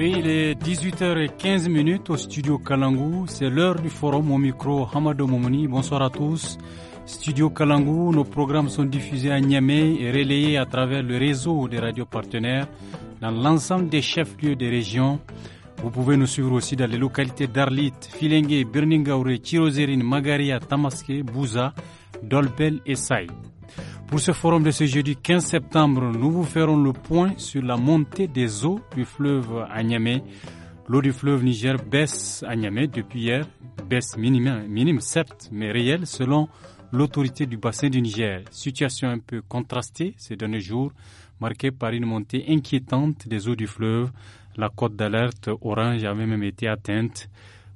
Oui, il est 18h15 au studio Kalangou. C'est l'heure du forum au micro Hamadou Momoni. Bonsoir à tous. Studio Kalangou, nos programmes sont diffusés à Niamey et relayés à travers le réseau des radios partenaires dans l'ensemble des chefs-lieux des régions. Vous pouvez nous suivre aussi dans les localités d'Arlit, Filengue, Birningaure, Tirozérine, Magaria, Tamaské, Bouza, Dolbel et Saïd. Pour ce forum de ce jeudi 15 septembre, nous vous ferons le point sur la montée des eaux du fleuve Agnamé. L'eau du fleuve Niger baisse à depuis hier, baisse minime, minime certes, mais réelle selon l'autorité du bassin du Niger. Situation un peu contrastée ces derniers jours, marquée par une montée inquiétante des eaux du fleuve. La côte d'alerte orange avait même été atteinte.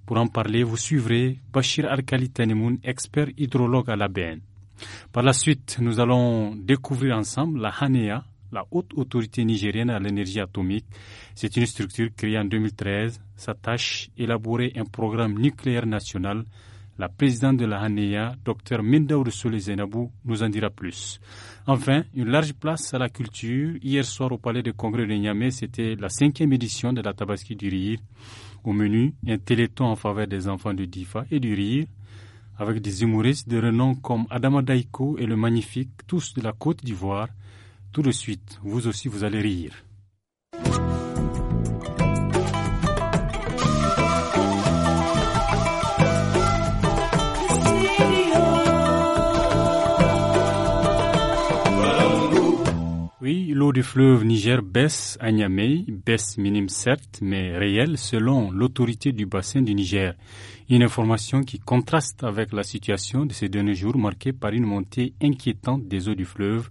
Pour en parler, vous suivrez Bachir Al-Khali expert hydrologue à la BN. Par la suite, nous allons découvrir ensemble la HANEA, la haute autorité nigérienne à l'énergie atomique. C'est une structure créée en 2013. Sa tâche, élaborer un programme nucléaire national. La présidente de la HANEA, Dr Minda Soule Zenabou, nous en dira plus. Enfin, une large place à la culture. Hier soir au Palais de Congrès de Niamey, c'était la cinquième édition de la Tabaski du Rire. Au menu, un téléthon en faveur des enfants du DIFA et du Rire, avec des humoristes de renom comme Adama Daiko et le magnifique, tous de la Côte d'Ivoire. Tout de suite, vous aussi vous allez rire. Oui, l'eau du fleuve Niger baisse à Niamey, baisse minime certes, mais réelle selon l'autorité du bassin du Niger. Une information qui contraste avec la situation de ces derniers jours marquée par une montée inquiétante des eaux du fleuve.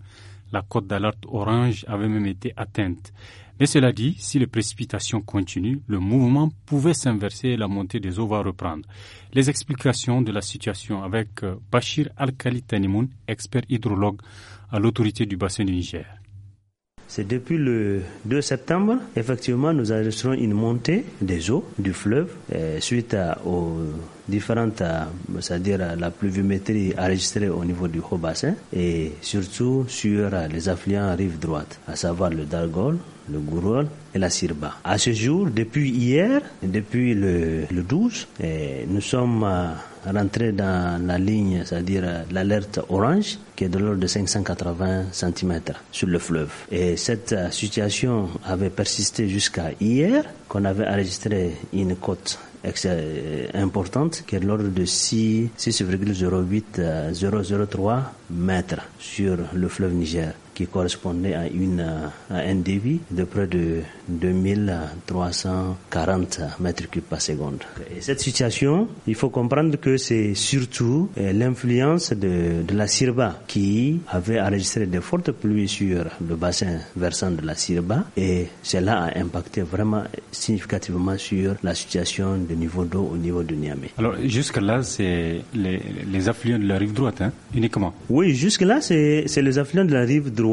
La côte d'alerte orange avait même été atteinte. Mais cela dit, si les précipitations continuent, le mouvement pouvait s'inverser et la montée des eaux va reprendre. Les explications de la situation avec euh, Bachir al Tanimoun, expert hydrologue à l'autorité du bassin du Niger. C'est depuis le 2 septembre, effectivement, nous enregistrons une montée des eaux du fleuve euh, suite aux différentes, euh, c'est-à-dire la pluviométrie enregistrée au niveau du haut bassin et surtout sur euh, les affluents rive droite, à savoir le Dargol, le Gourol et la Sirba. À ce jour, depuis hier, depuis le, 12, nous sommes rentrer dans la ligne, c'est-à-dire l'alerte orange, qui est de l'ordre de 580 cm sur le fleuve. Et cette situation avait persisté jusqu'à hier, qu'on avait enregistré une côte euh, importante qui est de l'ordre de 0,03 euh, mètres sur le fleuve Niger correspondait à, une, un débit de près de 2340 mètres cubes par seconde. cette situation, il faut comprendre que c'est surtout euh, l'influence de, de, la Sirba qui avait enregistré de fortes pluies sur le bassin versant de la Sirba et cela a impacté vraiment significativement sur la situation de niveau d'eau au niveau de Niamey. Alors jusque-là, c'est les, affluents de la rive droite hein, uniquement Oui, jusque-là, c'est les affluents de la rive droite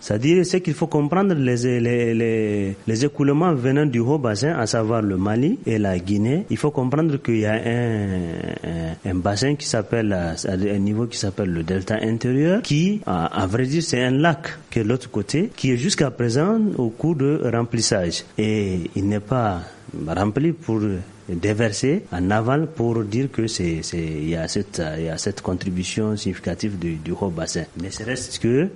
c'est-à-dire, c'est qu'il faut comprendre les, les, les, les, écoulements venant du haut bassin, à savoir le Mali et la Guinée. Il faut comprendre qu'il y a un, bassin qui s'appelle, un niveau qui s'appelle le delta intérieur, qui, à, à vrai dire, c'est un lac que l'autre côté, qui est jusqu'à présent au cours de remplissage. Et il n'est pas rempli pour déversé en aval pour dire que c'est il y a cette il y a cette contribution significative du, haut bassin. Mais ce reste que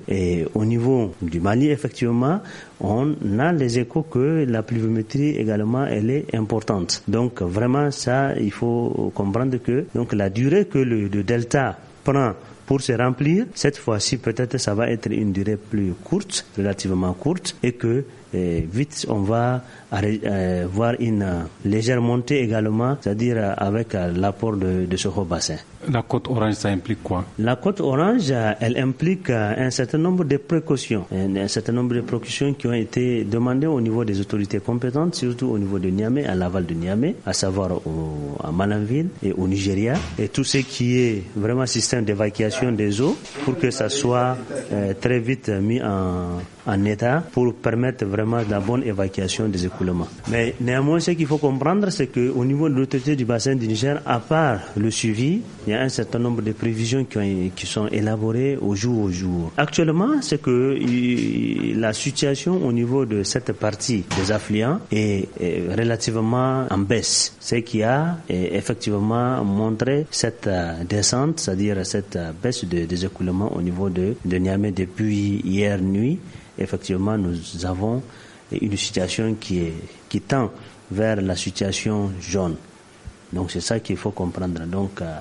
au niveau du Mali effectivement on a les échos que la pluviométrie également elle est importante. Donc vraiment ça il faut comprendre que donc la durée que le, le delta prend pour se remplir, cette fois-ci peut-être ça va être une durée plus courte, relativement courte, et que et vite, on va euh, voir une euh, légère montée également, c'est-à-dire euh, avec l'apport de, ce haut bassin. La côte orange, ça implique quoi La côte orange, elle implique un certain nombre de précautions, un, certain nombre de précautions qui ont été demandées au niveau des autorités compétentes, surtout au niveau de Niamey, à l'aval de Niamey, à savoir à Malanville et au Nigeria, et tout ce qui est vraiment système d'évacuation des eaux, pour que ça soit très vite mis en en état pour permettre vraiment la bonne évacuation des écoulements. Mais néanmoins, ce qu'il faut comprendre, c'est qu'au niveau de l'autorité du bassin du Niger, à part le suivi, il y a un certain nombre de prévisions qui, sont élaborées au jour au jour. Actuellement, c'est que la situation au niveau de cette partie des affluents est, relativement en baisse, ce qui a effectivement montré cette euh, descente, c'est-à-dire cette euh, baisse des écoulements au niveau de, de Niamey depuis hier nuit effectivement, nous avons une situation qui, est, qui tend vers la situation jaune. Donc c'est ça qu'il faut comprendre. Donc euh,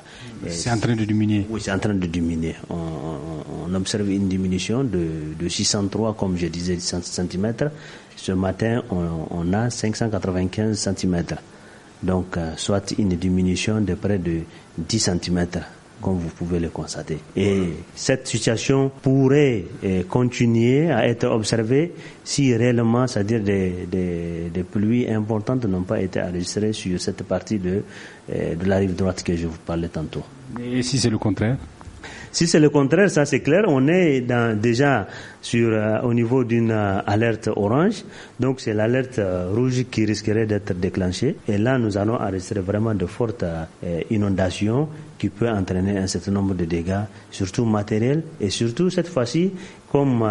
c'est euh, en train de diminuer. Oui, c'est en train de diminuer. On, observe une diminution de, 603, comme je disais, cm. Ce matin, on, a 595 cm. Donc euh, soit une diminution de près de 10 cm comme vous pouvez le constater. Et cette situation pourrait euh, continuer à être observée si réellement, c'est-à-dire des, pluies importantes n'ont pas été enregistrées sur cette partie de, euh, de la rive droite que je vous parlais tantôt. Et si c'est le contraire si c'est le contraire, ça c'est clair, on est dans, déjà sur, euh, au niveau d'une euh, alerte orange, donc c'est l'alerte euh, rouge qui risquerait d'être déclenchée. Et là, nous allons enregistrer vraiment de fortes inondations qui peut entraîner un certain nombre de dégâts, surtout matériels, et surtout cette fois-ci, comme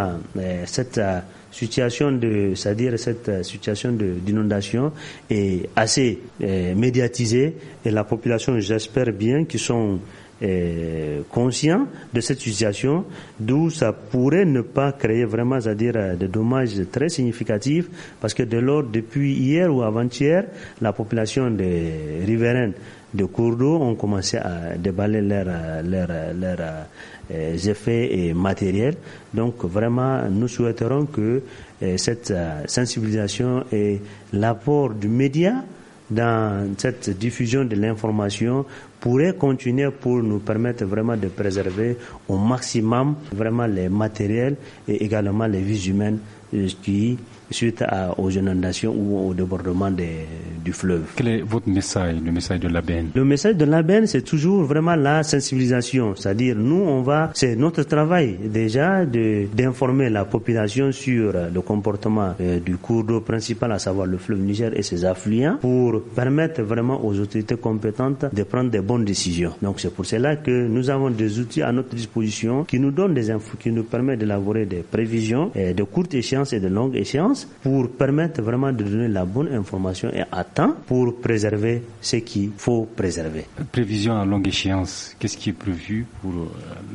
cette situation de, c'est-à-dire cette situation d'inondation est assez médiatisée et la population, j'espère bien, qui sont euh, conscient de cette situation, d'où ça pourrait ne pas créer vraiment, à dire euh, des dommages très significatifs, parce que de lors, depuis hier ou avant-hier, la population des riverains de cours d'eau ont commencé à déballer leurs euh, effets et matériels. Donc vraiment, nous souhaiterons que cette sensibilisation et l'apport du média dans cette diffusion de l'information pourrait continuer pour nous permettre vraiment de préserver au maximum vraiment les matériels et également les vies humaines euh, qui suite aux inondations ou au débordement du fleuve. Quel est votre message, le message de l'ABN Le message de l'ABN, c'est toujours vraiment la sensibilisation. C'est-à-dire, nous, on va, c'est notre travail déjà d'informer la population sur euh, le comportement euh, du cours d'eau principal, à savoir le fleuve Niger et ses affluents, pour permettre vraiment aux autorités compétentes de prendre des bonnes décisions. Donc, c'est pour cela que nous avons des outils à notre disposition qui nous donnent des infos, qui nous permettent d'élaborer des prévisions euh, de courte échéance et de longue échéance pour permettre vraiment de donner la bonne information et à temps pour préserver ce qu'il faut préserver. Prévision à longue échéance, qu'est-ce qui est prévu pour euh,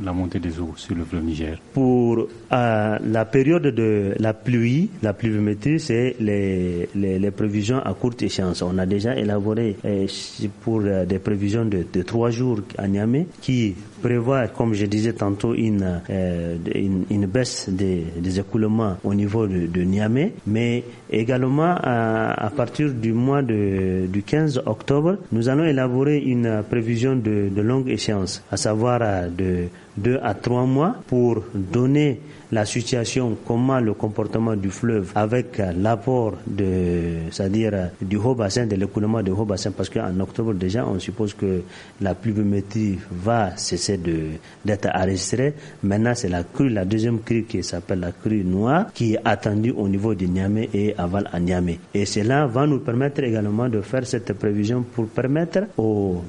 la montée des eaux sur le fleuve Niger Pour euh, la période de la pluie, la pluviométrie, c'est les, les, prévisions à courte échéance. On a déjà élaboré euh, pour des prévisions de, de trois jours à Niamey qui prévoir, comme je disais tantôt, euh, une, une, baisse des, des, écoulements au niveau de, de Niamey, mais également à, à, partir du mois de, du 15 octobre, nous allons élaborer une prévision de, de longue échéance, à savoir euh, de deux à trois mois pour donner la situation, comment le comportement du fleuve avec l'apport de, c'est-à-dire du haut bassin, de l'écoulement du haut bassin, parce qu'en octobre déjà, on suppose que la pluviométrie va cesser de, d'être enregistrée. Maintenant, c'est la crue, la deuxième crue qui s'appelle la crue noire, qui est attendue au niveau de Niamey et aval à Niamey. Et cela va nous permettre également de faire cette prévision pour permettre aux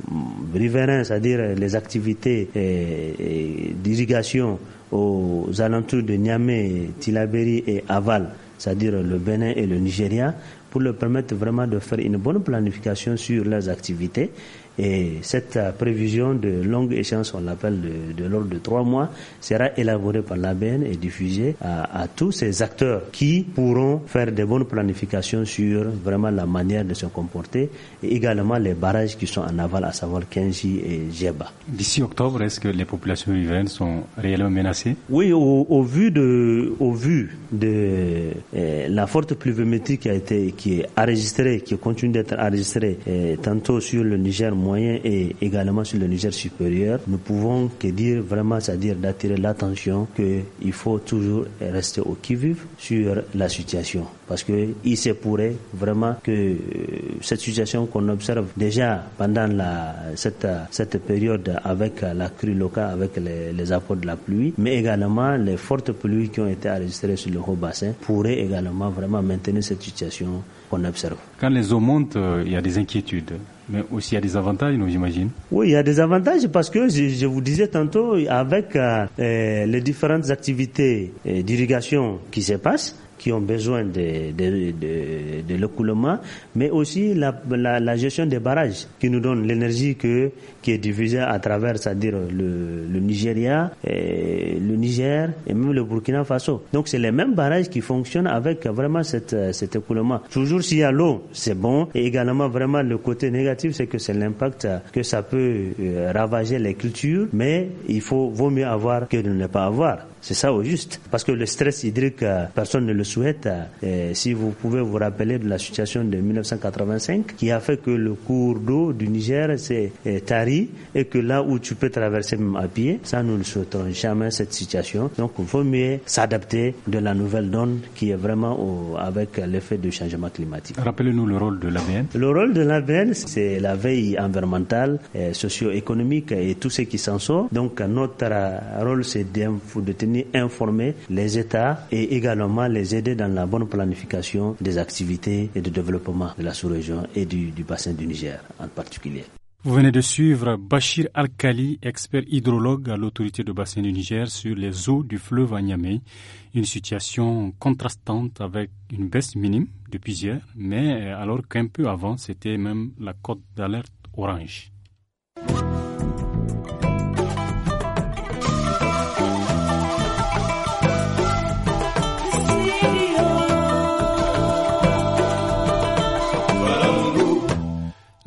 riverains, c'est-à-dire les activités et d'irrigation aux alentours de Niamey, Tilaberi et Aval, c'est-à-dire le Bénin et le Nigeria, pour leur permettre vraiment de faire une bonne planification sur leurs activités et cette euh, prévision de longue échéance, on l'appelle de, l'ordre de trois mois, sera élaborée par l'ABN et diffusée à, tous ces acteurs qui pourront faire des bonnes planifications sur vraiment la manière de se comporter et également les barrages qui sont en aval, à savoir Kenji et Jeba. D'ici octobre, est-ce que les populations riveraines sont réellement menacées Oui, au, vu de, au vu de euh, la forte pluviométrie qui a été, qui est enregistrée, qui continue d'être enregistrée, euh, tantôt sur le Niger, moyen et également sur le Niger supérieur, nous pouvons que dire vraiment, c'est-à-dire d'attirer l'attention qu'il faut toujours rester au qui-vive sur la situation. Parce que il se pourrait vraiment que euh, cette situation qu'on observe déjà pendant la, cette, cette période avec la crue locale, avec les, les, apports de la pluie, mais également les fortes pluies qui ont été enregistrées sur le haut bassin, pourraient également vraiment maintenir cette situation observe. Quand les eaux montent, euh, il y a des inquiétudes, mais aussi il y a des avantages, nous j'imagine. Oui, il y a des avantages parce que je, vous disais tantôt, avec euh, euh, les différentes activités d'irrigation qui se passent, qui ont besoin de, de, de, de l'écoulement, mais aussi la, la, la, gestion des barrages qui nous donne l'énergie que, qui est diffusée à travers, c'est-à-dire le, le Nigeria, et le Niger et même le Burkina Faso. Donc c'est les mêmes barrages qui fonctionnent avec vraiment cette, cet écoulement. Toujours s'il y a l'eau, c'est bon. Et également vraiment le côté négatif, c'est que c'est l'impact que ça peut euh, ravager les cultures, mais il faut vaut mieux avoir que de ne pas avoir. C'est ça au juste. Parce que le stress hydrique, euh, personne ne le souhaite. Euh, si vous pouvez vous rappeler de la situation de 1985, qui a fait que le cours d'eau du Niger s'est euh, tari et que là où tu peux traverser même à pied, ça nous ne souhaitons jamais cette situation. Donc il vaut mieux s'adapter de la nouvelle donne qui est vraiment avec l'effet du changement climatique. Rappelez-nous le rôle de l'ABN. Le rôle de l'ABN, c'est la veille environnementale, socio-économique et tout ce qui s'en sort. Donc notre rôle, c'est de tenir informer les États et également les aider dans la bonne planification des activités et du développement de la sous-région et du, bassin du Niger en particulier. Vous venez de suivre Bachir al expert hydrologue à l'autorité de bassin du Niger sur les eaux du fleuve Niamey. Une situation contrastante avec une baisse minime depuis hier, mais euh, alors qu'un peu avant, c'était même la cote d'alerte orange.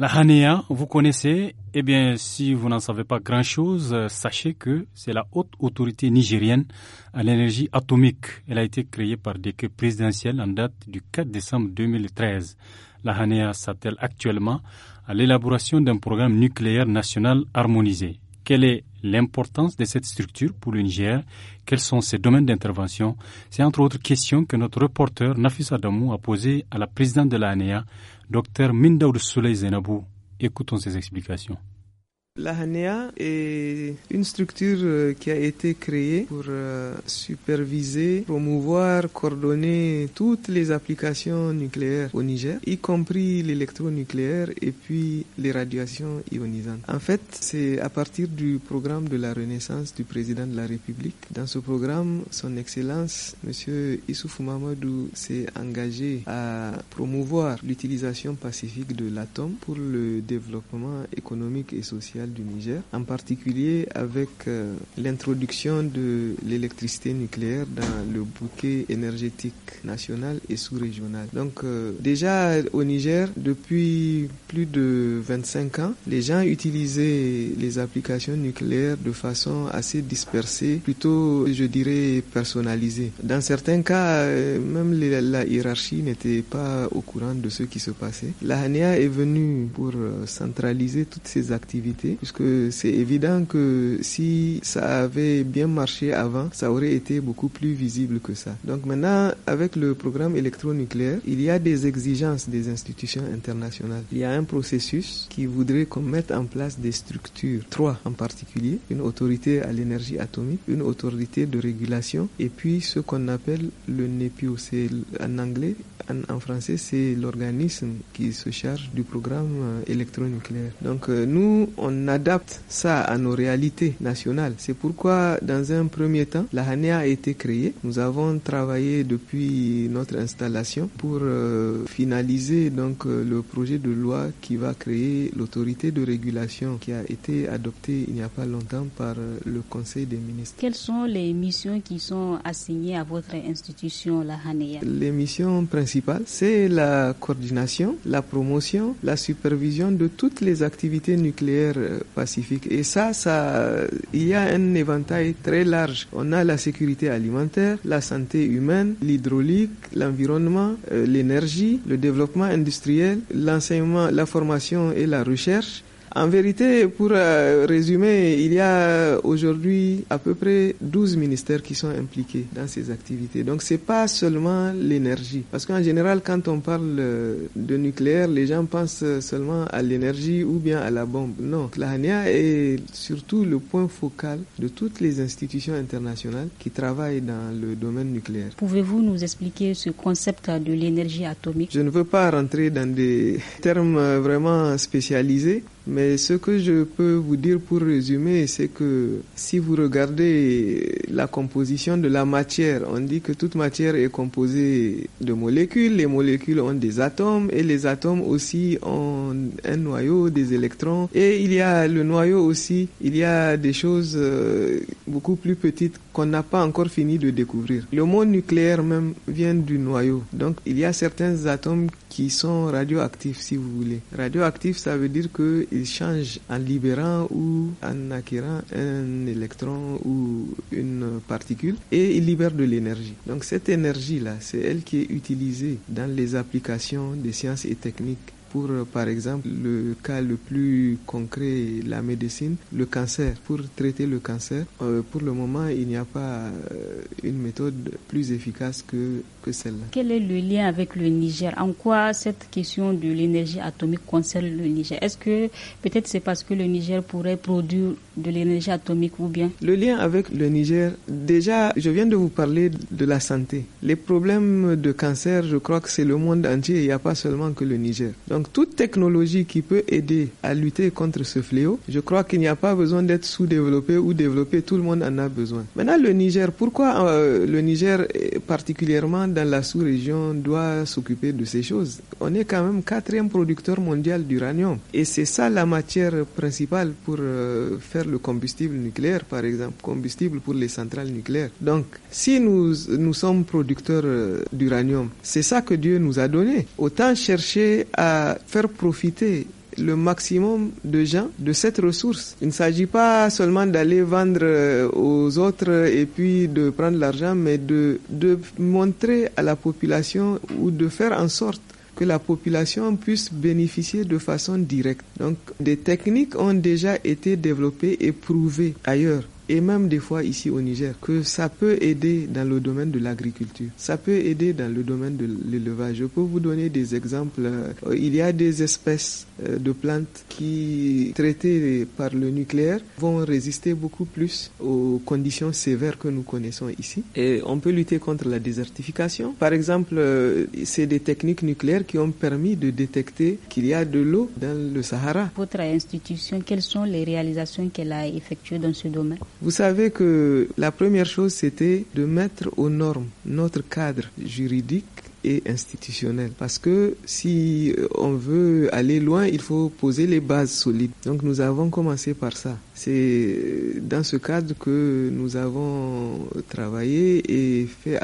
La Hanea, vous connaissez Eh bien, si vous n'en savez pas grand-chose, euh, sachez que c'est la haute autorité nigérienne à l'énergie atomique. Elle a été créée par décret présidentiel en date du 4 décembre 2013. La Hanea s'attelle actuellement à l'élaboration d'un programme nucléaire national harmonisé. Quelle est l'importance de cette structure pour le Niger Quels sont ses domaines d'intervention C'est entre autres questions que notre reporter Nafis Adamou a posées à la présidente de la Hanea Docteur Mindaoud Soleil Zainabou, écoutons ses explications. La HANEA est une structure euh, qui a été créée pour euh, superviser, promouvoir, coordonner toutes les applications nucléaires au Niger, y compris l'électronucléaire et puis les radiations ionisantes. En fait, c'est à partir du programme de la Renaissance du président de la République. Dans ce programme, son Excellence, Monsieur Issoufou Mamadou, s'est engagé à promouvoir l'utilisation pacifique de l'atome pour le développement économique et social du Niger, en particulier avec euh, l'introduction de l'électricité nucléaire dans le bouquet énergétique national et sous-régional. Donc euh, déjà au Niger, depuis plus de 25 ans, les gens utilisaient les applications nucléaires de façon assez dispersée, plutôt je dirais personnalisée. Dans certains cas, euh, même la, la hiérarchie n'était pas au courant de ce qui se passait. La HANEA est venue pour centraliser toutes ces activités puisque c'est évident que si ça avait bien marché avant, ça aurait été beaucoup plus visible que ça. Donc maintenant, avec le programme électronucléaire, il y a des exigences des institutions internationales. Il y a un processus qui voudrait qu'on mette en place des structures, trois en particulier, une autorité à l'énergie atomique, une autorité de régulation, et puis ce qu'on appelle le NEPIO, c'est en anglais en, français, c'est l'organisme qui se charge du programme euh, électronucléaire. Donc euh, nous, on adapte ça à nos réalités nationales. C'est pourquoi, dans un premier temps, la HANEA a été créée. Nous avons travaillé depuis notre installation pour euh, finaliser donc le projet de loi qui va créer l'autorité de régulation qui a été adoptée il n'y a pas longtemps par le Conseil des ministres. Quelles sont les missions qui sont assignées à votre institution, la HANEA Les missions principales c'est la coordination, la promotion, la supervision de toutes les activités nucléaires euh, pacifiques. Et ça, ça, euh, il y a un éventail très large. On a la sécurité alimentaire, la santé humaine, l'hydraulique, l'environnement, euh, l'énergie, le développement industriel, l'enseignement, la formation et la recherche, en vérité, pour euh, résumer, il y a aujourd'hui à peu près 12 ministères qui sont impliqués dans ces activités. Donc c'est pas seulement l'énergie. Parce qu'en général, quand on parle euh, de nucléaire, les gens pensent seulement à l'énergie ou bien à la bombe. Non, l'ANIA est surtout le point focal de toutes les institutions internationales qui travaillent dans le domaine nucléaire. Pouvez-vous nous expliquer ce concept de l'énergie atomique Je ne veux pas rentrer dans des termes vraiment spécialisés. Mais ce que je peux vous dire pour résumer, c'est que si vous regardez la composition de la matière, on dit que toute matière est composée de molécules. Les molécules ont des atomes et les atomes aussi ont un noyau, des électrons. Et il y a le noyau aussi, il y a des choses euh, beaucoup plus petites qu'on n'a pas encore fini de découvrir. Le mot nucléaire même vient du noyau. Donc il y a certains atomes qui sont radioactifs, si vous voulez. Radioactif, ça veut dire que change en libérant ou en acquérant un électron ou une particule et il libère de l'énergie. Donc cette énergie-là, c'est elle qui est utilisée dans les applications des sciences et techniques pour, euh, par exemple, le cas le plus concret, la médecine, le cancer. Pour traiter le cancer, euh, pour le moment, il n'y a pas euh, une méthode plus efficace que, que celle-là. Quel est le lien avec le Niger En quoi cette question de l'énergie atomique concerne le Niger Est-ce que peut-être c'est parce que le Niger pourrait produire de l'énergie atomique ou bien Le lien avec le Niger, déjà, je viens de vous parler de la santé. Les problèmes de cancer, je crois que c'est le monde entier, il n'y a pas seulement que le Niger. Donc, donc toute technologie qui peut aider à lutter contre ce fléau, je crois qu'il n'y a pas besoin d'être sous-développé ou développé, tout le monde en a besoin. Maintenant le Niger, pourquoi euh, le Niger particulièrement dans la sous-région doit s'occuper de ces choses On est quand même quatrième producteur mondial d'uranium et c'est ça la matière principale pour euh, faire le combustible nucléaire par exemple, combustible pour les centrales nucléaires. Donc si nous, nous sommes producteurs euh, d'uranium, c'est ça que Dieu nous a donné. Autant chercher à faire profiter le maximum de gens de cette ressource. Il ne s'agit pas seulement d'aller vendre euh, aux autres et puis de prendre l'argent, mais de, de montrer à la population ou de faire en sorte que la population puisse bénéficier de façon directe. Donc des techniques ont déjà été développées et prouvées ailleurs et même des fois ici au Niger, que ça peut aider dans le domaine de l'agriculture, ça peut aider dans le domaine de l'élevage. Je peux vous donner des exemples. Euh, il y a des espèces euh, de plantes qui, traitées par le nucléaire, vont résister beaucoup plus aux conditions sévères que nous connaissons ici. Et on peut lutter contre la désertification. Par exemple, euh, c'est des techniques nucléaires qui ont permis de détecter qu'il y a de l'eau dans le Sahara. Votre institution, quelles sont les réalisations qu'elle a effectuées dans ce domaine vous savez que la première chose, c'était de mettre aux normes notre cadre juridique et institutionnel. Parce que si euh, on veut aller loin, il faut poser les bases solides. Donc nous avons commencé par ça. C'est dans ce cadre que nous avons travaillé et fait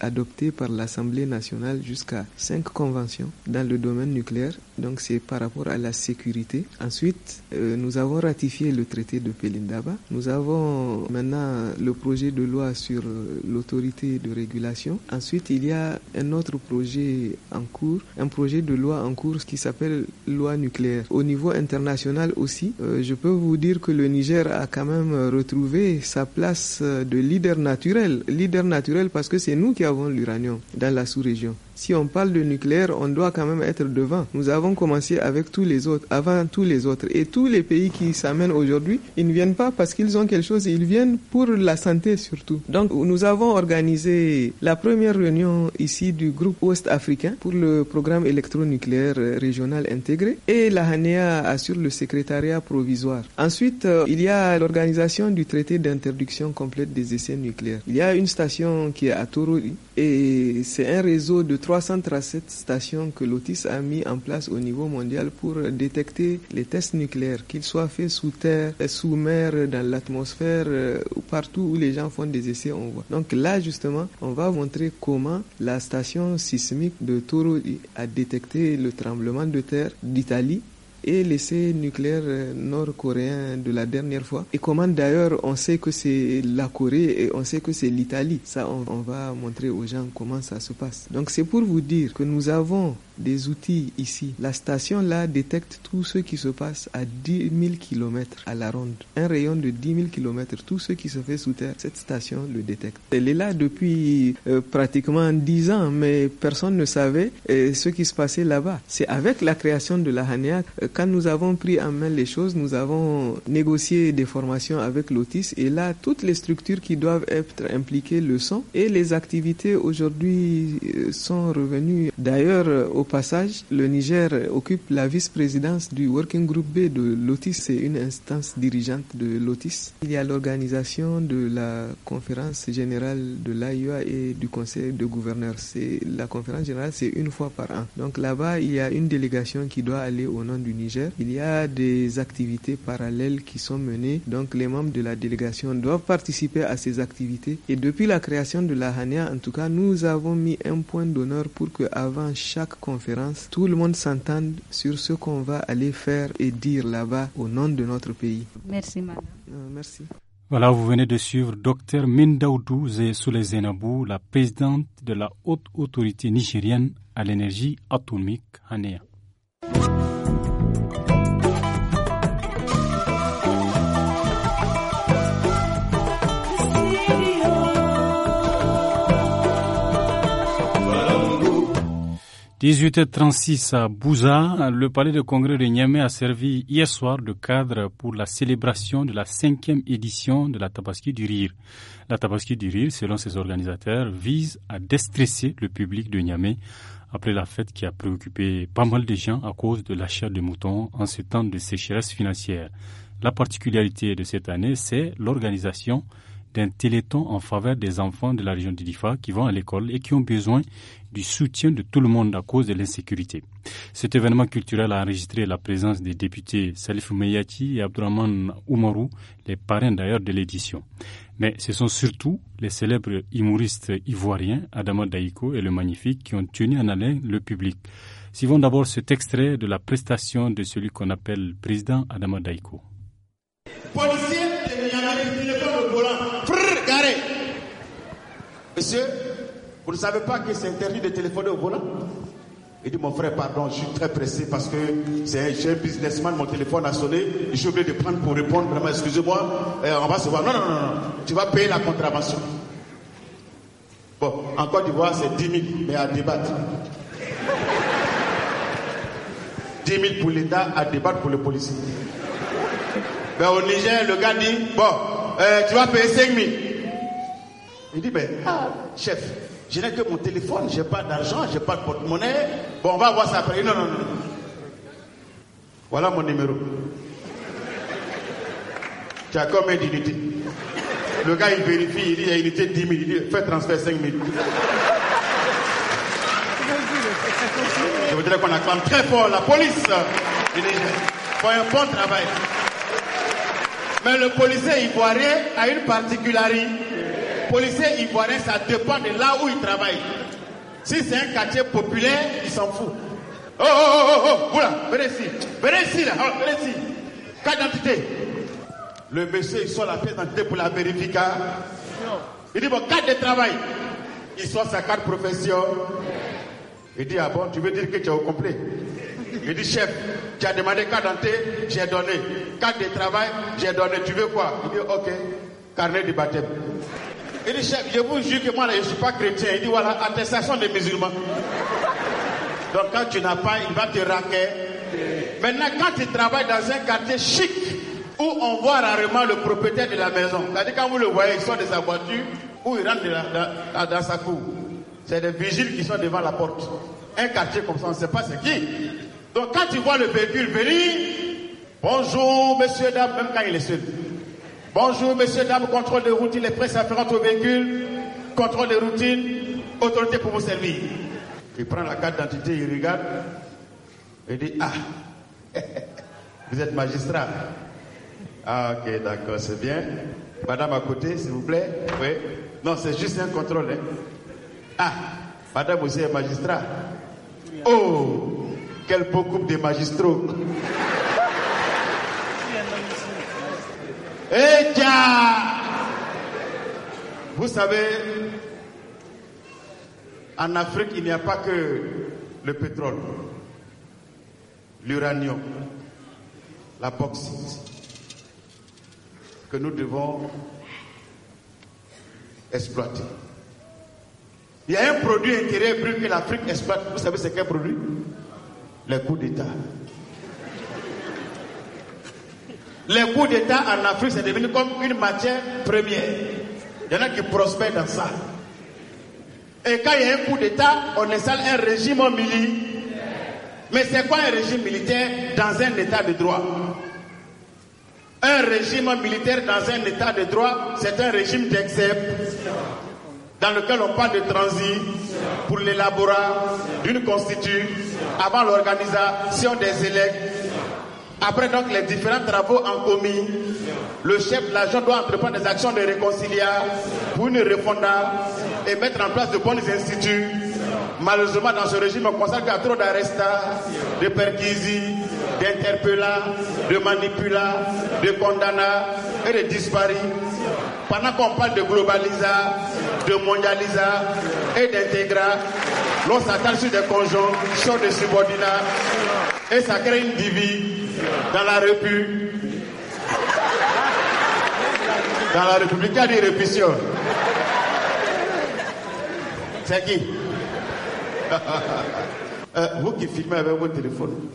adopter par l'Assemblée nationale jusqu'à cinq conventions dans le domaine nucléaire. Donc c'est par rapport à la sécurité. Ensuite, euh, nous avons ratifié le traité de Pelindaba. Nous avons maintenant le projet de loi sur euh, l'autorité de régulation. Ensuite, il y a un autre projet en cours, un projet de loi en cours qui s'appelle loi nucléaire. Au niveau international aussi, euh, je peux vous dire que le Niger a quand même retrouvé sa place de leader naturel. Leader naturel parce que c'est nous qui avons l'uranium dans la sous-région. Si on parle de nucléaire, on doit quand même être devant. Nous avons commencé avec tous les autres, avant tous les autres. Et tous les pays qui s'amènent aujourd'hui, ils ne viennent pas parce qu'ils ont quelque chose, ils viennent pour la santé surtout. Donc nous avons organisé la première réunion ici du groupe ouest-africain pour le programme électronucléaire régional intégré et la HANEA assure le secrétariat provisoire. Ensuite, euh, il y a l'organisation du traité d'interdiction complète des essais nucléaires. Il y a une station qui est à Toruri et c'est un réseau de trois 337 stations que l'OTIS a mis en place au niveau mondial pour détecter les tests nucléaires, qu'ils soient faits sous terre, sous mer, dans l'atmosphère, euh, partout où les gens font des essais, on voit. Donc là, justement, on va montrer comment la station sismique de Toro a détecté le tremblement de terre d'Italie et l'essai nucléaire euh, nord-coréen de la dernière fois. Et comment d'ailleurs on sait que c'est la Corée et on sait que c'est l'Italie. Ça, on, on va montrer aux gens comment ça se passe. Donc c'est pour vous dire que nous avons des outils ici. La station là détecte tout ce qui se passe à 10 000 km à la ronde. Un rayon de 10 000 km, tout ce qui se fait sous terre, cette station le détecte. Elle est là depuis euh, pratiquement 10 ans, mais personne ne savait euh, ce qui se passait là-bas. C'est avec la création de la HANEAC, euh, quand nous avons pris en main les choses, nous avons négocié des formations avec l'OTIS et là, toutes les structures qui doivent être impliquées le sont et les activités aujourd'hui sont revenues. D'ailleurs, au passage, le Niger occupe la vice-présidence du Working Group B de l'OTIS, c'est une instance dirigeante de l'OTIS. Il y a l'organisation de la conférence générale de l'AIUA et du conseil de gouverneurs. C'est, la conférence générale, c'est une fois par an. Donc là-bas, il y a une délégation qui doit aller au nom du Niger. Il y a des activités parallèles qui sont menées. Donc les membres de la délégation doivent participer à ces activités. Et depuis la création de la HANEA, en tout cas, nous avons mis un point d'honneur pour que avant chaque conférence, conférence, tout le monde s'entend sur ce qu'on va aller faire et dire là-bas au nom de notre pays. Merci, madame. Euh, merci. Voilà, vous venez de suivre Dr Mindaoudou Soule Zenabou, la présidente de la haute autorité nigérienne à l'énergie atomique, ANEA. 18h36 à Bouza, le palais de congrès de Niamey a servi hier soir de cadre pour la célébration de la cinquième édition de la Tabaski du Rire. La Tabaski du Rire, selon ses organisateurs, vise à déstresser le public de Niamey après la fête qui a préoccupé pas mal de gens à cause de la chair de moutons en ce temps de sécheresse financière. La particularité de cette année, c'est l'organisation d'un téléthon en faveur des enfants de la région d'Idifa qui vont à l'école et qui ont besoin du soutien de tout le monde à cause de l'insécurité. Cet événement culturel a enregistré la présence des députés Salif Meyati et Abdurrahman Oumarou, les parrains d'ailleurs de l'édition. Mais ce sont surtout les célèbres humoristes ivoiriens Adama Daiko et le Magnifique qui ont tenu en haleine le public. Suivons d'abord cet extrait de la prestation de celui qu'on appelle président Adama Daiko. Policier le volant. Monsieur, vous ne savez pas que c'est interdit de téléphoner au volant Il dit, mon frère, pardon, je suis très pressé parce que c'est un businessman, mon téléphone a sonné, je suis obligé de prendre pour répondre, vraiment, excusez-moi, euh, on va se voir. Non, non, non, tu vas payer la contravention. Bon, en Côte d'Ivoire, c'est 10 000, mais à débattre. 10 000 pour l'État, à débattre pour le policier. Mais ben, au Niger, le gars dit, bon, euh, tu vas payer 5 000. Il dit, ben, ah, chef, je n'ai que mon téléphone, je n'ai pas d'argent, je n'ai pas de porte-monnaie. Bon, on va voir ça après. Non, non, non. Voilà mon numéro. Tu as combien d'unités Le gars, il vérifie, il dit, il y a unité 10 000, il dit, fais transfert 5 000. Je voudrais qu'on acclame très fort la police Il est. un bon travail. Mais le policier ivoirien a une particularité policiers ivoiriens, ça dépend de là où ils travaillent. Si c'est un quartier populaire, ils s'en foutent. Oh, oh, oh, oh, oh oula, venez ici. Venez ici, là, oh, venez ici. Carte d'identité. Le monsieur, il sort la pièce d'identité pour la vérification. Il dit, bon, carte de travail. Il sort sa carte profession. Il dit, ah bon, tu veux dire que tu es au complet Il dit, chef, tu as demandé carte d'identité, j'ai donné. Carte de travail, j'ai donné. Tu veux quoi Il dit, ok, carnet de baptême. Il dit, chef, je vous jure que moi, je ne suis pas chrétien. Il dit, voilà, attestation des musulmans. Donc quand tu n'as pas, il va te raquer. Maintenant, quand tu travailles dans un quartier chic, où on voit rarement le propriétaire de la maison. C'est-à-dire quand vous le voyez, il sort de sa voiture ou il rentre dans, sa cour. C'est des vigiles qui sont devant la porte. Un quartier comme ça, on ne sait pas c'est qui. Donc quand tu vois le véhicule venir, bonjour, monsieur, dame, même quand il est seul. Bonjour, messieurs, dames, contrôle de routine, les presses afférentes aux véhicule, contrôle de routine, autorité pour vous servir. Il prend la carte d'identité, il regarde, il dit Ah, vous êtes magistrat. Ah, ok, d'accord, c'est bien. Madame à côté, s'il vous plaît. Oui. Non, c'est juste un contrôle. Hein. Ah, madame vous est magistrat. Oh, quel beau couple de magistraux. Vous savez, en Afrique, il n'y a pas que le pétrole, l'uranium, la bauxite, que nous devons exploiter. Il y a un produit intérieur plus que l'Afrique exploite. Vous savez, c'est quel produit Les coup d'État. Les coups d'État en Afrique, c'est devenu comme une matière première. Il y en a qui prospèrent dans ça. Et quand il y a un coup d'État, on installe un régime militaire. Mais c'est quoi un régime militaire dans un État de droit Un régime militaire dans un État de droit, c'est un régime d'exception dans lequel on parle de transit pour l'élaborat d'une constitution avant l'organisation des élections après donc les différents travaux en commis, le chef de l'agent doit entreprendre des actions de réconciliation pour une refondation et mettre en place de bons instituts. Malheureusement, dans ce régime, on constate qu'il trop d'arrestats, de perquisis, d'interpellats, de manipulats, de condamnats et de disparus. Pendant qu'on parle de globalisa, de mondialisa et d'intégra, l'on s'attache sur des sur des subordinats et ça crée une divise dans la République. Dans la République, il y a des répétitions. C'est qui euh, Vous qui filmez avec votre téléphone,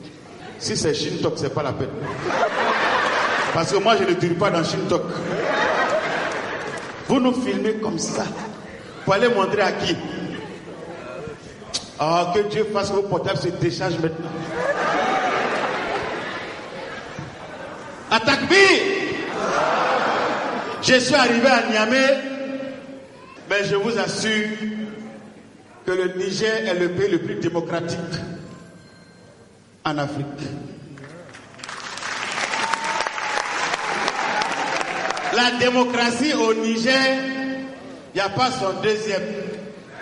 si c'est Shintok, c'est pas la peine. Parce que moi, je ne tire pas dans Shintok. Vous nous filmez comme ça pour aller montrer à qui ah, que Dieu fasse que vos portables se déchargent maintenant. attaque Je suis arrivé à Niamey, mais je vous assure que le Niger est le pays le plus démocratique en Afrique. La démocratie au Niger, il n'y a pas son deuxième.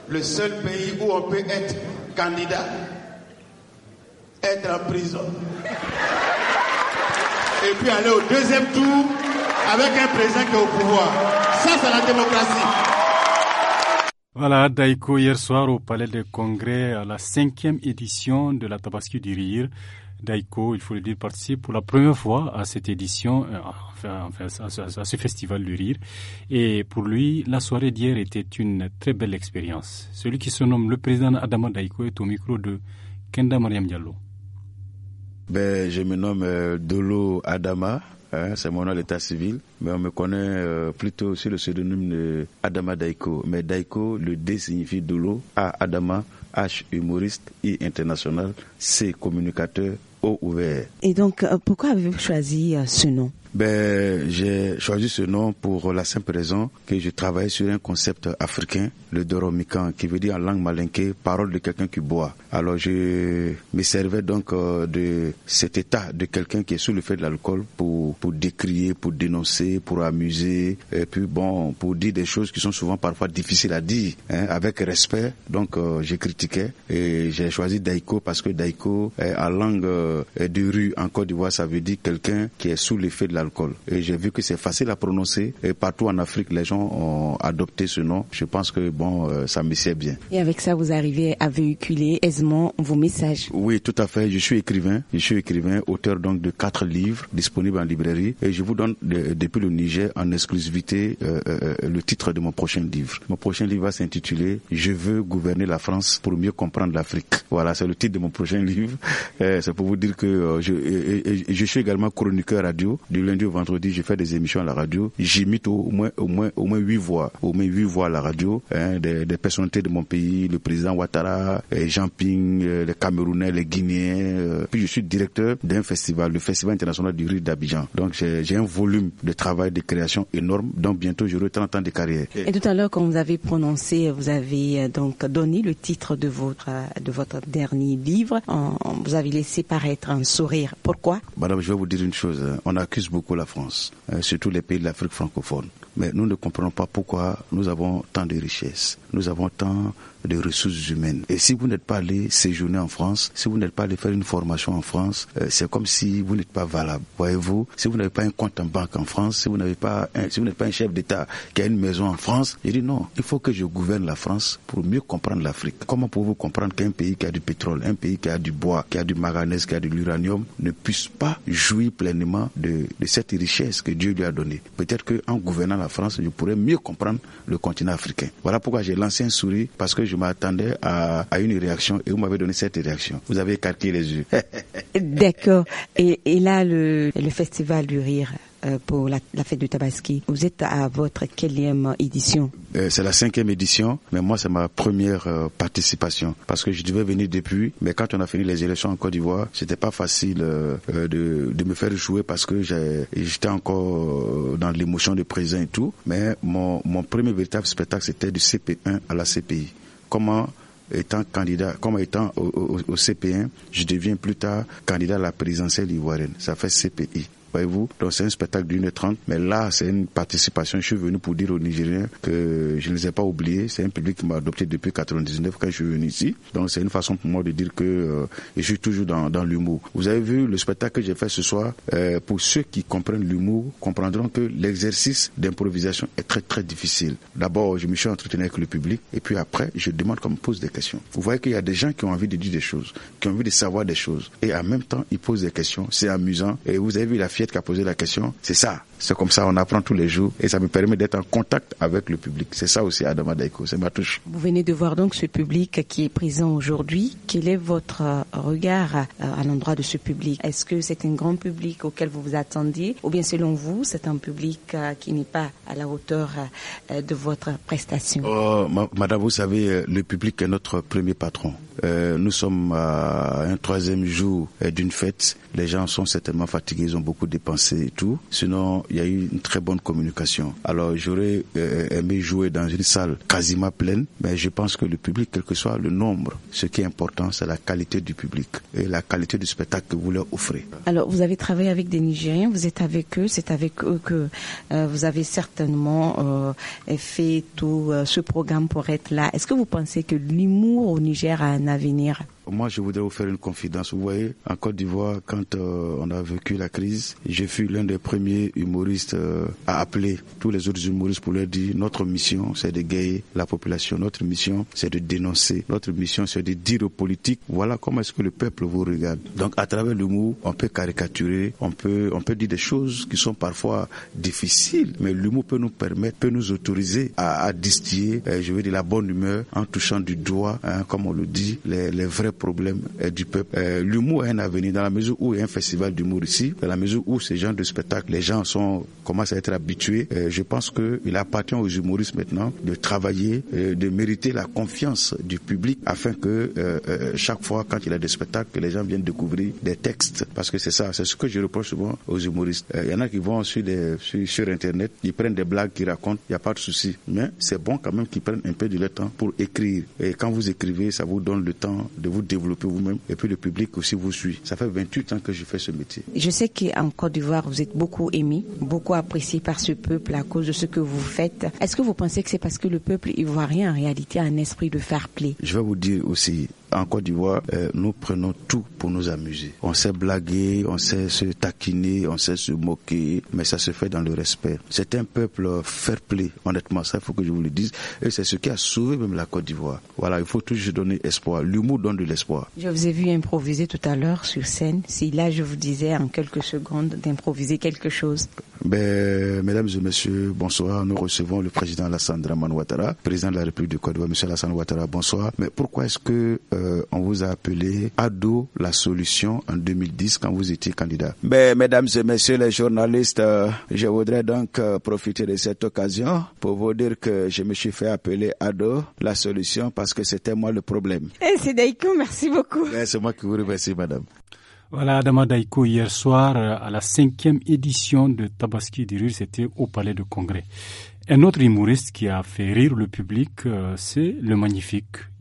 Le seul pays où on peut être candidat, être en prison et puis aller au deuxième tour avec un président qui est au pouvoir. Ça, c'est la démocratie. Voilà, Daiko, hier soir au Palais des Congrès, à la cinquième édition de la Tabaski du Rire. Daiko, il faut le dire, participe pour la première fois à cette édition, euh, enfin, à, ce, ce festival du rire. Et pour lui, la soirée d'hier était une très belle expérience. Celui qui se nomme le président Adama Daiko est au micro de Kenda Mariam Diallo ben, Je me nomme euh, Dolo Adama, hein, c'est mon nom l'état civil, mais on me connaît euh, plutôt sous le pseudonyme de Adama Daiko. Mais Daiko, le D signifie Dolo, A Adama, H humoriste, I international, C communicateur, O ouvert. Et donc, euh, pourquoi avez-vous choisi ce nom ben, J'ai choisi ce nom pour la simple raison que je travaille sur un concept africain, le Doromikan, qui veut dire en langue malinquée, parole de quelqu'un qui boit. Alors je me servais donc euh, de cet état de quelqu'un qui est sous le fait de l'alcool pour, pour décrier, pour dénoncer, pour amuser, et puis bon, pour dire des choses qui sont souvent parfois difficiles à dire, hein, avec respect. Donc euh, j'ai critiqué et j'ai choisi Daiko parce que Daiko, est en langue euh, de rue en Côte d'Ivoire, ça veut dire quelqu'un qui est sous l'effet de l'alcool et j'ai vu que c'est facile à prononcer et partout en Afrique, les gens ont adopté ce nom. Je pense que bon, euh, ça me sert bien. Et avec ça, vous arrivez à véhiculer aisément vos messages. Oui, tout à fait. Je suis écrivain. Je suis écrivain, auteur donc de quatre livres disponibles en librairie. Et je vous donne depuis le Niger en exclusivité euh, euh, le titre de mon prochain livre. Mon prochain livre va s'intituler Je veux gouverner la France pour mieux comprendre l'Afrique. Voilà, c'est le titre de mon prochain livre. c'est pour vous dire que je, je, suis également chroniqueur radio du vendredi, je fais des émissions à la radio. J'imite au moins, au moins, au moins huit voix, au moins huit voix à la radio, hein, des, personnalités de mon pays, le président Ouattara, euh, Jean Ping, euh, les Camerounais, les Guinéens. Euh, puis je suis directeur d'un festival, le Festival international du riz d'Abidjan. Donc j'ai un volume de travail de création énorme. Donc bientôt j'aurai 30 ans de carrière. Et tout à l'heure quand vous avez prononcé, vous avez donc donné le titre de votre de votre dernier livre. vous avez laissé paraître un sourire. Pourquoi Madame, je vais vous dire une chose. Hein. On accuse beaucoup la France, euh, surtout les pays de l'Afrique francophone. Mais nous ne comprenons pas pourquoi nous avons tant de richesses, nous avons tant des ressources humaines. Et si vous n'êtes pas allé séjourner en France, si vous n'êtes pas allé faire une formation en France, euh, c'est comme si vous n'êtes pas valable. Voyez-vous, si vous n'avez pas un compte en banque en France, si vous n'avez pas, un, si vous n'êtes pas un chef d'État qui a une maison en France, je dit non. Il faut que je gouverne la France pour mieux comprendre l'Afrique. Comment pouvez-vous comprendre qu'un pays qui a du pétrole, un pays qui a du bois, qui a du manganèse, qui a de l'uranium, ne puisse pas jouir pleinement de, de cette richesse que Dieu lui a donnée Peut-être qu'en gouvernant la France, je pourrais mieux comprendre le continent africain. Voilà pourquoi j'ai lancé un sourire parce que je je m'attendais à, une réaction et vous m'avez donné cette réaction. Vous avez écarté les yeux. D'accord. Et, là, le, Festival du Rire euh, pour la, fête du Tabaski. Vous êtes à votre quatrième édition euh, C'est la cinquième édition, mais moi c'est ma première euh, participation parce que je devais venir depuis, mais quand on a fini les élections en Côte d'Ivoire, c'était pas facile de, me faire jouer parce que j'étais encore dans l'émotion de présent et tout. Mais mon, mon premier véritable spectacle c'était du CP1 à la CPI comment étant candidat, comment étant au, au, je deviens plus tard candidat à la présidentielle ivoirienne. Ça fait CPI vous Donc c'est un spectacle d'une heure trente. Mais là, c'est une participation. Je suis venu pour dire aux Nigériens que je ne les ai pas oubliés. C'est un public qui m'a adopté depuis 99 quand je suis venu ici. Donc c'est une façon pour moi de dire que euh, je suis toujours dans, l'humour. Vous avez vu le spectacle que j'ai fait ce soir. Euh, pour ceux qui comprennent l'humour, comprendront que l'exercice d'improvisation est très très difficile. D'abord, je me suis entretenu avec le public et puis après, je demande qu'on me pose des questions. Vous voyez qu'il y a des gens qui ont envie de dire des choses, qui ont envie de savoir des choses et en même temps, ils posent des questions. C'est amusant et vous avez vu la fierté qui a posé la question, c'est ça. C'est comme ça, on apprend tous les jours et ça me permet d'être en contact avec le public. C'est ça aussi Adama Daiko, c'est ma touche. Vous venez de voir donc ce public qui est présent aujourd'hui. Quel est votre euh, regard euh, à l'endroit de ce public Est-ce que c'est un grand public auquel vous vous attendiez ou bien selon vous, c'est un public euh, qui n'est pas à la hauteur de votre prestation oh, Madame, vous savez, le public est notre premier patron. nous sommes à un troisième jour d'une fête. Les gens sont certainement fatigués, ils ont beaucoup dépensé et tout. Sinon, il y a eu une très bonne communication. Alors j'aurais euh, aimé jouer dans une salle quasiment pleine, mais je pense que le public, quel que soit le nombre, ce qui est important, c'est la qualité du public et la qualité du spectacle que vous leur offrez. Alors vous avez travaillé avec des Nigériens, vous êtes avec eux, c'est avec eux que euh, vous avez certainement euh, fait tout ce programme pour être là. Est-ce que vous pensez que l'humour au Niger a un avenir moi, je voudrais vous faire une confidence. Vous voyez, en Côte d'Ivoire, quand euh, on a vécu la crise, je fus l'un des premiers humoristes euh, à appeler tous les autres humoristes pour leur dire notre mission, c'est de gagner la population. Notre mission, c'est de dénoncer. Notre mission, c'est de dire aux politiques, voilà comment est-ce que le peuple vous regarde. Donc, à travers l'humour, on peut caricaturer, on peut, on peut dire des choses qui sont parfois difficiles, mais l'humour peut nous permettre, peut nous autoriser à, à distiller, euh, je veux dire, la bonne humeur en touchant du doigt, hein, comme on le dit, les, les vrais problèmes euh, du peuple. Euh, l'humour a un avenir dans la mesure où il y a un festival d'humour ici, dans la mesure où ces gens de spectacle, les gens sont commencent à être habitués. Euh, je pense qu'il appartient aux humoristes maintenant de travailler, de mériter la confiance du public afin que chaque fois quand il y a des spectacles, que les gens viennent découvrir des textes. Parce que c'est ça, c'est ce que je reproche souvent aux humoristes. Il y en a qui vont sur, sur, Internet, ils prennent des blagues qu'ils racontent, il n'y a pas de souci. Mais c'est bon quand même qu'ils prennent un peu de leur temps pour écrire. Et quand vous écrivez, ça vous donne le temps de vous développer vous-même et puis le public aussi vous suit. Ça fait 28 ans que je fais ce métier. Je sais qu'en Côte d'Ivoire, vous êtes beaucoup aimé, beaucoup apprécié par ce peuple à cause de ce que vous faites. Est-ce que vous pensez que c'est parce que le peuple ivoirien en réalité a un esprit de faire play Je vais vous dire aussi, en Côte d'Ivoire, euh, nous prenons tout pour nous amuser. On sait blaguer, on sait se taquiner, on sait se moquer, mais ça se fait dans le respect. C'est un peuple fair-play, honnêtement, ça il faut que je vous le dise. Et c'est ce qui a sauvé même la Côte d'Ivoire. Voilà, il faut toujours donner espoir. L'humour donne de l'espoir. Je vous ai vu improviser tout à l'heure sur scène. Si là, je vous disais en quelques secondes d'improviser quelque chose. Ben, mesdames et messieurs, bonsoir. Nous recevons le président Alassane Draman président de la République de Côte d'Ivoire. Monsieur Alassane Ouattara, bonsoir. Mais pourquoi est-ce que euh, euh, on vous a appelé Ado la solution en 2010 quand vous étiez candidat. Mais, ben, mesdames et messieurs les journalistes, euh, je voudrais donc euh, profiter de cette occasion pour vous dire que je me suis fait appeler Ado la solution parce que c'était moi le problème. Eh, c'est Daiko, merci beaucoup. Ben, c'est moi qui vous remercie, madame. Voilà, Adama Daiko, hier soir, à la cinquième édition de Tabaski du c'était au Palais de Congrès. Un autre humoriste qui a fait rire le public, c'est le magnifique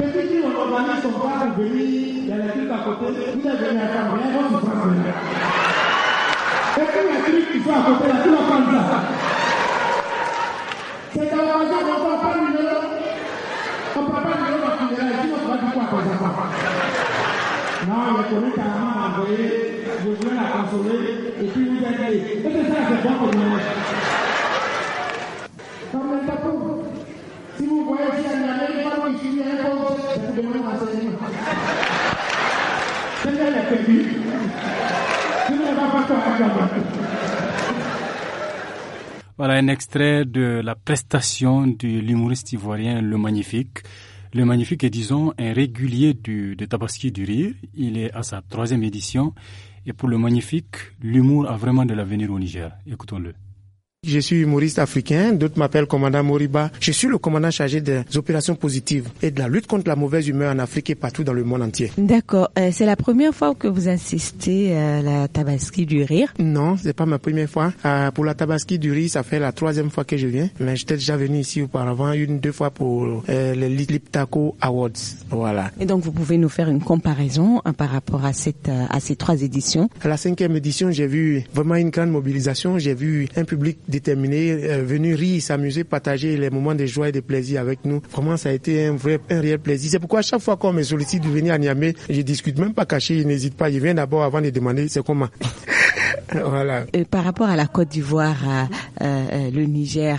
Technically, on organise son plan pour venir dans la truc à côté, vous êtes venu à Cameroun, votre France venir. Et puis la truc à côté, là, tout va prendre place. C'est dans la maison qu'on ne parle pas du nom. On ne parle pas du nom dans le funérail, sinon on va du quoi comme ça. Non, il est connu carrément envoyé, vous venez la consoler, et puis voilà un extrait de la prestation de l'humoriste ivoirien Le Magnifique. Le Magnifique est, disons, un régulier du, de Tabaski du Rire. Il est à sa troisième édition. Et pour Le Magnifique, l'humour a vraiment de l'avenir au Niger. Écoutons-le. Je suis humoriste africain, d'autres m'appellent commandant Moriba. Je suis le commandant chargé des opérations positives et de la lutte contre la mauvaise humeur en Afrique et partout dans le monde entier. D'accord. Euh, c'est la première fois que vous assistez à la Tabaski du Rire Non, c'est pas ma première fois. Euh, pour la Tabaski du Rire, ça fait la troisième fois que je viens. Mais j'étais déjà venu ici auparavant une, deux fois pour Little euh, Lip Taco Awards. Voilà. Et donc vous pouvez nous faire une comparaison par rapport à cette à ces trois éditions À la cinquième édition, j'ai vu vraiment une grande mobilisation. J'ai vu un public déterminé, euh, venus rire, s'amuser, partager les moments de joie et de plaisir avec nous. Vraiment, ça a été un vrai, un réel plaisir. C'est pourquoi à chaque fois qu'on me sollicite de venir à Niamey, je discute même pas caché, je n'hésite pas. Je viens d'abord avant de demander c'est comment. voilà. Euh, par rapport à la Côte d'Ivoire, euh, euh, le Niger,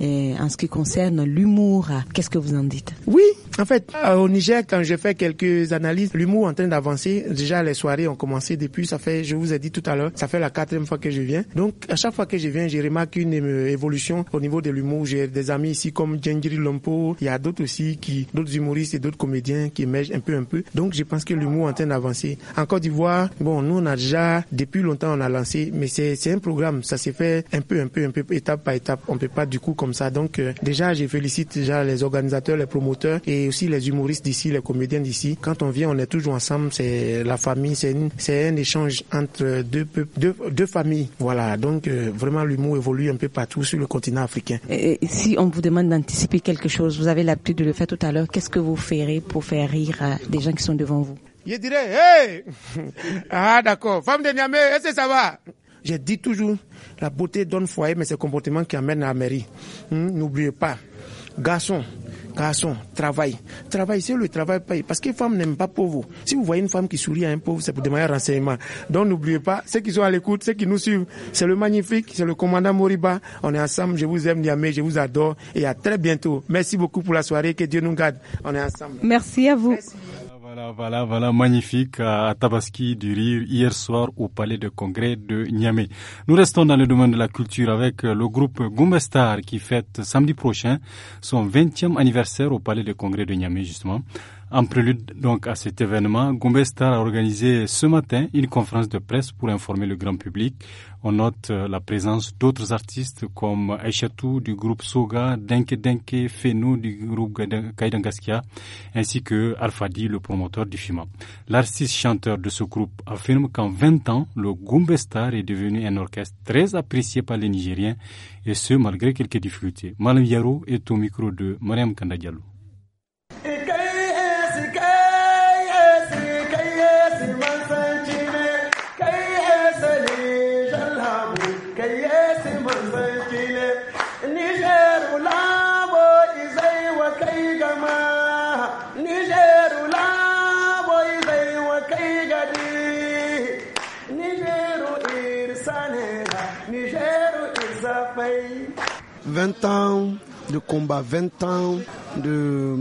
en ce qui concerne l'humour, qu'est-ce que vous en dites Oui, en fait, au Niger, quand je fais quelques analyses, l'humour est en train d'avancer. Déjà, les soirées ont commencé depuis, ça fait, je vous ai dit tout à l'heure, ça fait la quatrième fois que je viens. Donc, à chaque fois que je viens, je remarque une évolution au niveau de l'humour. J'ai des amis ici comme Djengiri Lompo, il y a d'autres aussi qui, d'autres humoristes et d'autres comédiens qui émergent un peu, un peu. Donc, je pense que l'humour est en train d'avancer. En Côte d'Ivoire, bon, nous, on a déjà, depuis longtemps, on a lancé, mais c'est un programme, ça s'est fait un peu, un peu, un peu, étape par étape. On peut pas du coup comme ça. Donc euh, déjà, je félicite déjà les organisateurs, les promoteurs et aussi les humoristes d'ici, les comédiens d'ici. Quand on vient, on est toujours ensemble, c'est la famille, c'est un échange entre deux deux, familles. Voilà, donc euh, vraiment l'humour évolue un peu partout sur le continent africain. Et si on vous demande d'anticiper quelque chose, vous avez l'habitude de le faire tout à l'heure, qu'est-ce que vous ferez pour faire rire à euh, des gens qui sont devant vous je dirais, hé Ah d'accord, femme de Niamey, ça va Je dis toujours, la beauté donne foyer, mais c'est le comportement qui amène à la mairie. Hmm, n'oubliez pas, garçon, garçon, travail. Travail, c'est le travail paye. Parce que les femmes n'aiment pas pauvre. Si vous voyez une femme qui sourit à un pauvre, c'est pour demander un renseignement. Donc n'oubliez pas, ceux qui sont à l'écoute, ceux qui nous suivent, c'est le magnifique, c'est le commandant Moriba. On est ensemble, je vous aime Niamey, je vous adore et à très bientôt. Merci beaucoup pour la soirée, que Dieu nous garde. On est ensemble. Merci à vous. Voilà, voilà, voilà, magnifique euh, à Tabaski du Rire hier soir au Palais de Congrès de Niamey. Nous restons dans le domaine de la culture avec euh, le groupe Gumbestar qui fête samedi prochain son 20e anniversaire au Palais de Congrès de Niamey justement. En prélude donc à cet événement, Gumbestar a organisé ce matin une conférence de presse pour informer le grand public on note euh, la présence d'autres artistes comme Aishatou du groupe Soga, Denke Denke, Feno du groupe Kaidangaskia, ainsi que Alfadi, le promoteur du film. L'artiste chanteur de ce groupe affirme qu'en 20 ans, le Gumbestar est devenu un orchestre très apprécié par les Nigériens, et ce malgré quelques difficultés. Malam Yaro est au micro de Mariam Kandadialou. 20 ans de combat, 20 ans de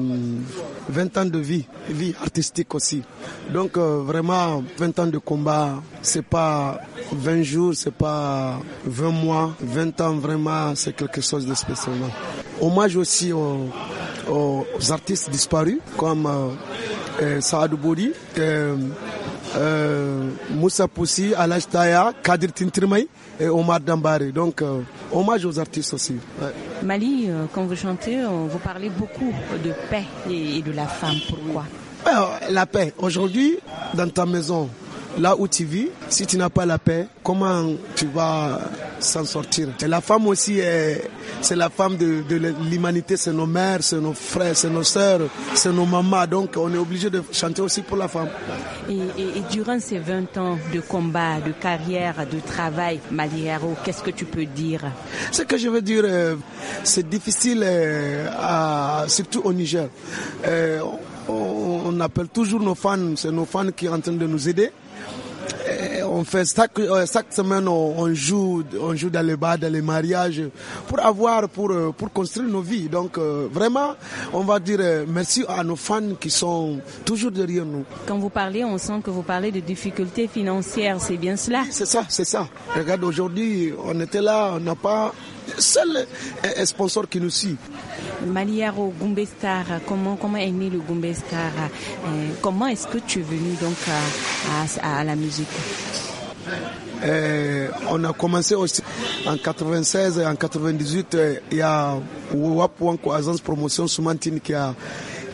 20 ans de vie, vie artistique aussi. Donc euh, vraiment 20 ans de combat, c'est pas 20 jours, c'est pas 20 mois, 20 ans vraiment, c'est quelque chose de spécial. Hommage aussi aux, artistes disparus comme euh, euh, Saadou Boudi, Moussa Poussi, Alash Taya, Kadir Tintrimay et Omar Dambari. Donc, euh, hommage aux artistes aussi. Mali, euh, quand vous chantez, euh, vous parlez beaucoup de paix et de la femme. Pourquoi La paix. Aujourd'hui, dans ta maison, Là où tu vis, si tu n'as pas la paix, comment tu vas s'en sortir La femme aussi, c'est la femme de, l'humanité, c'est nos mères, c'est nos frères, c'est nos soeurs c'est nos mamans. Donc on est obligé de chanter aussi pour la femme. Et, durant ces 20 ans de combat, de carrière, de travail, Maliero, qu'est-ce que tu peux dire Ce que je veux dire, euh, c'est difficile, euh, à, surtout au Niger. Euh, on appelle toujours nos fans, c'est nos fans qui sont en train de nous aider on fait euh, chaque, semaine, on, joue, on dans les bars, dans les mariages, pour avoir, pour, euh, pour construire nos vies. Donc euh, vraiment, on va dire merci à nos fans qui sont toujours derrière nous. Quand vous parlez, on sent que vous parlez de difficultés financières, c'est bien cela C'est ça, c'est ça. Regarde, aujourd'hui, on était là, on n'a pas seul sponsor qui nous suit. Maliaro Gumbestar, comment, comment est né le Gumbestar Comment est-ce que tu es venu donc à la musique eh, on a commencé aussi en 96 et en 98, eh, il y a Wapuanko Promotion Soumantine qui a,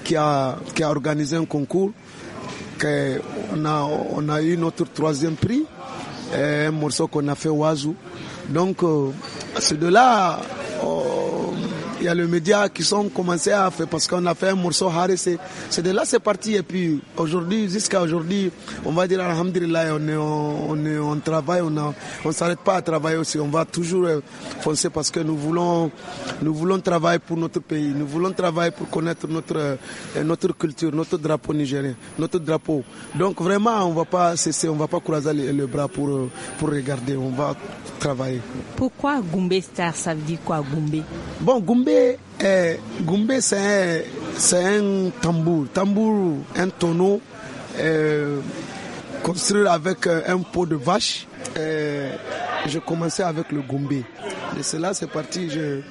qui a, qui a organisé un concours. Que on, a, on a eu notre troisième prix, eh, un morceau qu'on a fait Azu. Donc, euh, c'est de là, oh, il y a les médias qui sont commencés à faire parce qu'on a fait un morceau harassé. C'est de là c'est parti. Et puis aujourd'hui, jusqu'à aujourd'hui, on va dire on, on, travaille, on ne s'arrête pas à travailler aussi. On va toujours euh, foncer parce que nous voulons, nous voulons travailler pour notre pays. Nous voulons travailler pour connaître notre, euh, notre culture, notre drapeau nigérien, notre drapeau. Donc vraiment, on ne va pas cesser, on va pas croiser le, bras pour, euh, pour regarder. On va travailler. Pourquoi Goumbé Star Ça veut dire quoi Goumbe? Bon, Goumbé, c'est eh, un, tambour, tambour, un tonneau eh, construit avec euh, un pot de vache. Eh, je commençais avec le Goumbé. Et cela, c'est parti. Je,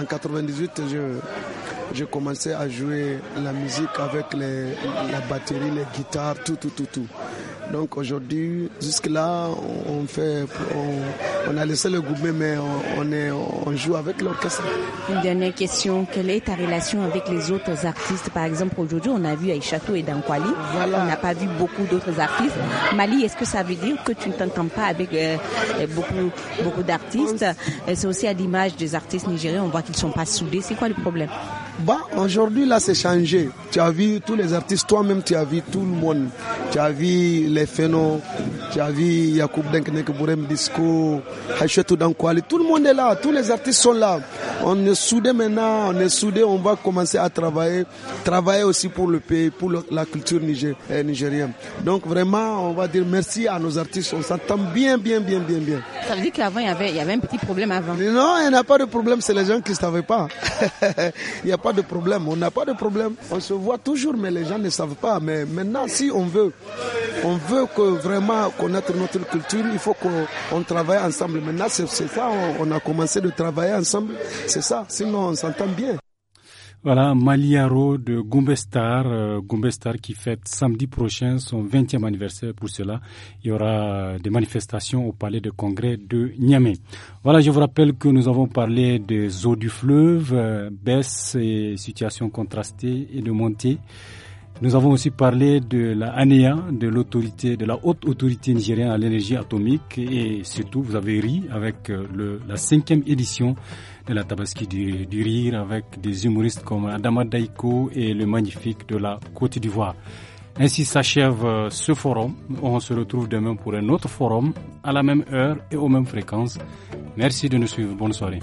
en 98, je, commençais à jouer la musique avec la batterie, les guitares, tout, tout, tout, tout. Donc aujourd'hui, jusque-là, on, on, a laissé le groupe, mais on, est, on joue avec l'orchestre. Une dernière question, quelle est ta relation avec les autres artistes Par exemple, aujourd'hui, on a vu Aïchato et Dankwali. On n'a pas vu beaucoup d'autres artistes. Mali, est-ce que ça veut dire que tu ne t'entends pas avec euh, euh, beaucoup, beaucoup d'artistes euh, C'est aussi à l'image des artistes nigériens, on voit qu'ils ne sont pas soudés. C'est quoi le problème bah, aujourd'hui, là, c'est changé. Tu as vu tous les artistes, toi-même, tu as vu tout le monde. Tu as vu les phénomènes, Javi, vu Yacoub Denknek, Bourem Disco, Hachetou Dankwali. Tout le monde est là. Tous les artistes sont là. On est soudés maintenant. On est soudés. On va commencer à travailler. Travailler aussi pour le pays, pour la culture eh, nigérienne. Donc vraiment, on va dire merci à nos artistes. On s'entend bien, bien, bien, bien, bien. Ça veut dire qu'avant, il y avait, il y avait un petit problème avant. Non, il n'y a pas de problème. C'est les gens qui ne savaient pas. il n'y a pas de problème. On n'a pas de problème. On se voit toujours, mais les gens ne savent pas. Mais maintenant, si on veut, on veut que vraiment connaître notre culture, il faut qu'on travaille ensemble. Maintenant, c'est ça, on, a commencé de travailler ensemble, c'est ça, sinon on s'entend bien. Voilà, Maliaro de Gombestar. Euh, Gombestar qui fête samedi prochain son 20e anniversaire. Pour cela, il y aura des manifestations au palais de congrès de Niamey. Voilà, je vous rappelle que nous avons parlé des eaux du fleuve, euh, baisse et situation contrastée et de montée. Nous avons aussi parlé de la ANEA, de l'autorité, de la haute autorité nigérienne à l'énergie atomique et surtout vous avez ri avec euh, la cinquième édition de la Tabaski du, rire avec des humoristes comme Adama Daiko et le magnifique de la Côte d'Ivoire. Ainsi s'achève euh, ce forum. On se retrouve demain pour un autre forum à la même heure et aux mêmes fréquences. Merci de nous suivre. Bonne soirée.